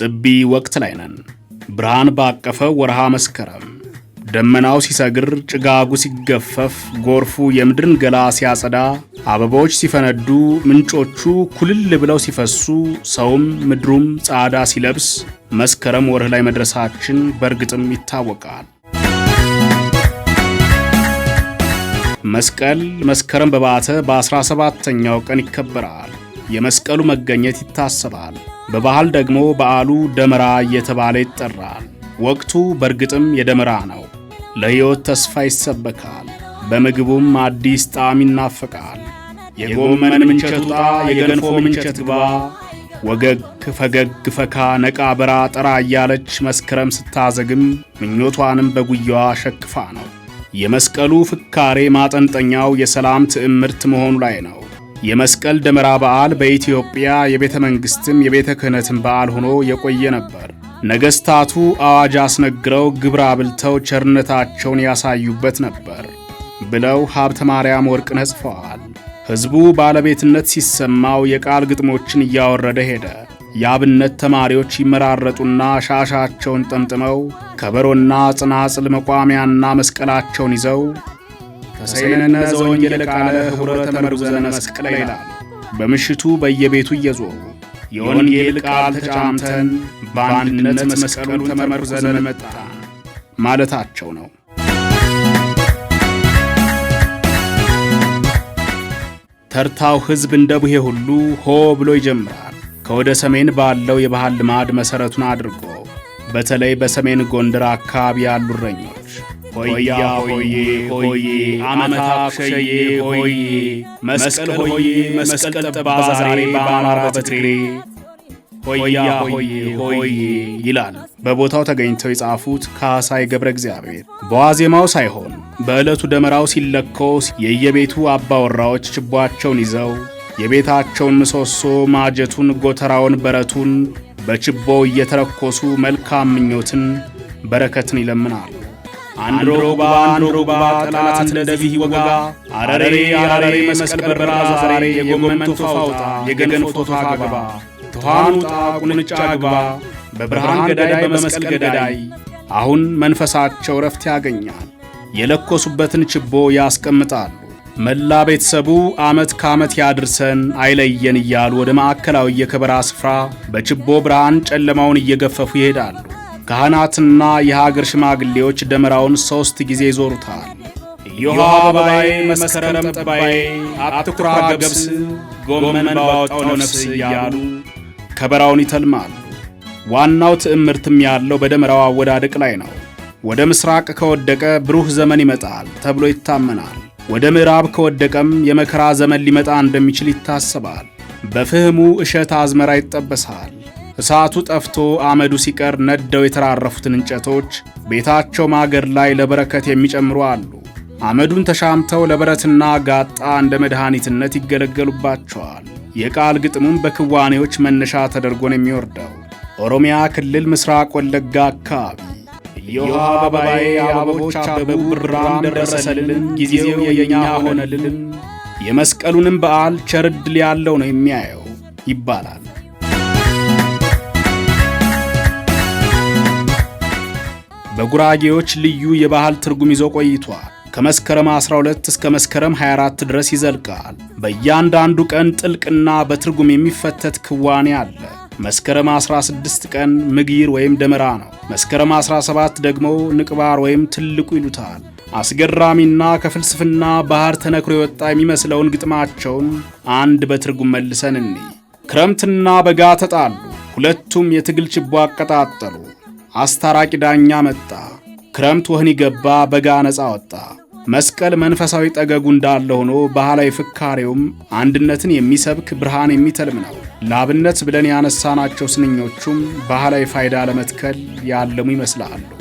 ጥቢ ወቅት ላይ ነን። ብርሃን ባቀፈ ወርሃ መስከረም ደመናው ሲሰግር፣ ጭጋጉ ሲገፈፍ፣ ጎርፉ የምድርን ገላ ሲያጸዳ፣ አበቦች ሲፈነዱ፣ ምንጮቹ ኩልል ብለው ሲፈሱ፣ ሰውም ምድሩም ጻዳ ሲለብስ መስከረም ወርህ ላይ መድረሳችን በእርግጥም ይታወቃል። መስቀል መስከረም በባተ በ17ኛው ቀን ይከበራል። የመስቀሉ መገኘት ይታሰባል። በባህል ደግሞ በዓሉ ደመራ እየተባለ ይጠራል። ወቅቱ በእርግጥም የደመራ ነው። ለሕይወት ተስፋ ይሰበካል። በምግቡም አዲስ ጣዕም ይናፈቃል። የጎመን ምንቸቱጣ የገንፎ ምንቸት ግባ፣ ወገግ ፈገግ ፈካ ነቃ በራ ጠራ እያለች መስከረም ስታዘግም ምኞቷንም በጉያዋ ሸክፋ ነው። የመስቀሉ ፍካሬ ማጠንጠኛው የሰላም ትዕምርት መሆኑ ላይ ነው። የመስቀል ደመራ በዓል በኢትዮጵያ የቤተ መንግሥትም የቤተ ክህነትም በዓል ሆኖ የቆየ ነበር። ነገሥታቱ አዋጅ አስነግረው ግብር አብልተው ቸርነታቸውን ያሳዩበት ነበር ብለው ሀብተ ማርያም ወርቅነህ ጽፈዋል። ሕዝቡ ባለቤትነት ሲሰማው የቃል ግጥሞችን እያወረደ ሄደ። የአብነት ተማሪዎች ይመራረጡና ሻሻቸውን ጠምጥመው ከበሮና ጽናጽል መቋሚያና መስቀላቸውን ይዘው ቃለ መስቀለ ይላል። በምሽቱ በየቤቱ እየዞሩ የወንጌል ቃል ተጫምተን በአንድነት መጣን ማለታቸው ነው። ተርታው ሕዝብ እንደ ቡሄ ሁሉ ሆ ብሎ ይጀምራል። ከወደ ሰሜን ባለው የባህል ልማድ መሠረቱን አድርጎ በተለይ በሰሜን ጎንደር አካባቢ ያሉ እረኞች ሆያ ሆዬ ሆዬ አመታ ሆዬ መስቀል ሆዬ መስቀል ጠባ ዛሬ በአማራ በትግሬ ሆያ ሆዬ ሆዬ ይላል በቦታው ተገኝተው የጻፉት ካሳይ ገብረ እግዚአብሔር። በዋዜማው ሳይሆን በዕለቱ ደመራው ሲለኮስ የየቤቱ አባወራዎች ችቦአቸውን ይዘው የቤታቸውን ምሰሶ ማጀቱን፣ ጎተራውን፣ በረቱን በችቦ እየተለኮሱ መልካም ምኞትን በረከትን ይለምናል። አንድሮግባ አንድሮግባ ጠላት እንደዚህ ወጋ አረሬ አረሬ መስቀል በራ ዛሬ የጎመን ቶፋ አውጣ የገለን ፎቶ አግባ ትኋን ውጣ ቁንጫ አግባ በብርሃን ገዳይ በመስቀል ገዳይ አሁን መንፈሳቸው ረፍት ያገኛል። የለኮሱበትን ችቦ ያስቀምጣሉ። መላ ቤተሰቡ ዓመት ከዓመት ያድርሰን አይለየን እያሉ ወደ ማዕከላዊ የከበራ ስፍራ በችቦ ብርሃን ጨለማውን እየገፈፉ ይሄዳሉ። ካህናትና የሀገር ሽማግሌዎች ደመራውን ሦስት ጊዜ ይዞሩታል። ዮሐ አበባዬ፣ መስከረም ጠባዬ፣ አትኩራ ገብስ፣ ጎመን ባወጣው ነፍስ እያሉ ከበራውን ይተልማሉ። ዋናው ትዕምርትም ያለው በደመራው አወዳደቅ ላይ ነው። ወደ ምስራቅ ከወደቀ ብሩህ ዘመን ይመጣል ተብሎ ይታመናል። ወደ ምዕራብ ከወደቀም የመከራ ዘመን ሊመጣ እንደሚችል ይታሰባል። በፍህሙ እሸት አዝመራ ይጠበሳል። እሳቱ ጠፍቶ አመዱ ሲቀር ነደው የተራረፉትን እንጨቶች ቤታቸው ማገር ላይ ለበረከት የሚጨምሩ አሉ። አመዱን ተሻምተው ለበረትና ጋጣ እንደ መድኃኒትነት ይገለገሉባቸዋል። የቃል ግጥሙም በክዋኔዎች መነሻ ተደርጎን የሚወርደው። ኦሮሚያ ክልል ምስራቅ ወለጋ አካባቢ እዮሃ አበባዬ አበቦች አበቡ ብራም ደረሰልን ጊዜው የኛ ሆነልን የመስቀሉንም በዓል ቸርድል ያለው ነው የሚያየው ይባላል። ለጉራጌዎች ልዩ የባህል ትርጉም ይዞ ቆይቷል። ከመስከረም 12 እስከ መስከረም 24 ድረስ ይዘልቃል። በእያንዳንዱ ቀን ጥልቅና በትርጉም የሚፈተት ክዋኔ አለ። መስከረም 16 ቀን ምግይር ወይም ደመራ ነው። መስከረም 17 ደግሞ ንቅባር ወይም ትልቁ ይሉታል። አስገራሚና ከፍልስፍና ባህር ተነክሮ የወጣ የሚመስለውን ግጥማቸውን አንድ በትርጉም መልሰን እኒ ክረምትና በጋ ተጣሉ፣ ሁለቱም የትግል ችቦ አቀጣጠሉ አስታራቂ ዳኛ መጣ። ክረምት ወህኒ ገባ፣ በጋ ነፃ ወጣ። መስቀል መንፈሳዊ ጠገጉ እንዳለ ሆኖ ባህላዊ ፍካሬውም አንድነትን የሚሰብክ ብርሃን የሚተልም ነው። ለአብነት ብለን ያነሳናቸው ስንኞቹም ባህላዊ ፋይዳ ለመትከል ያለሙ ይመስላሉ።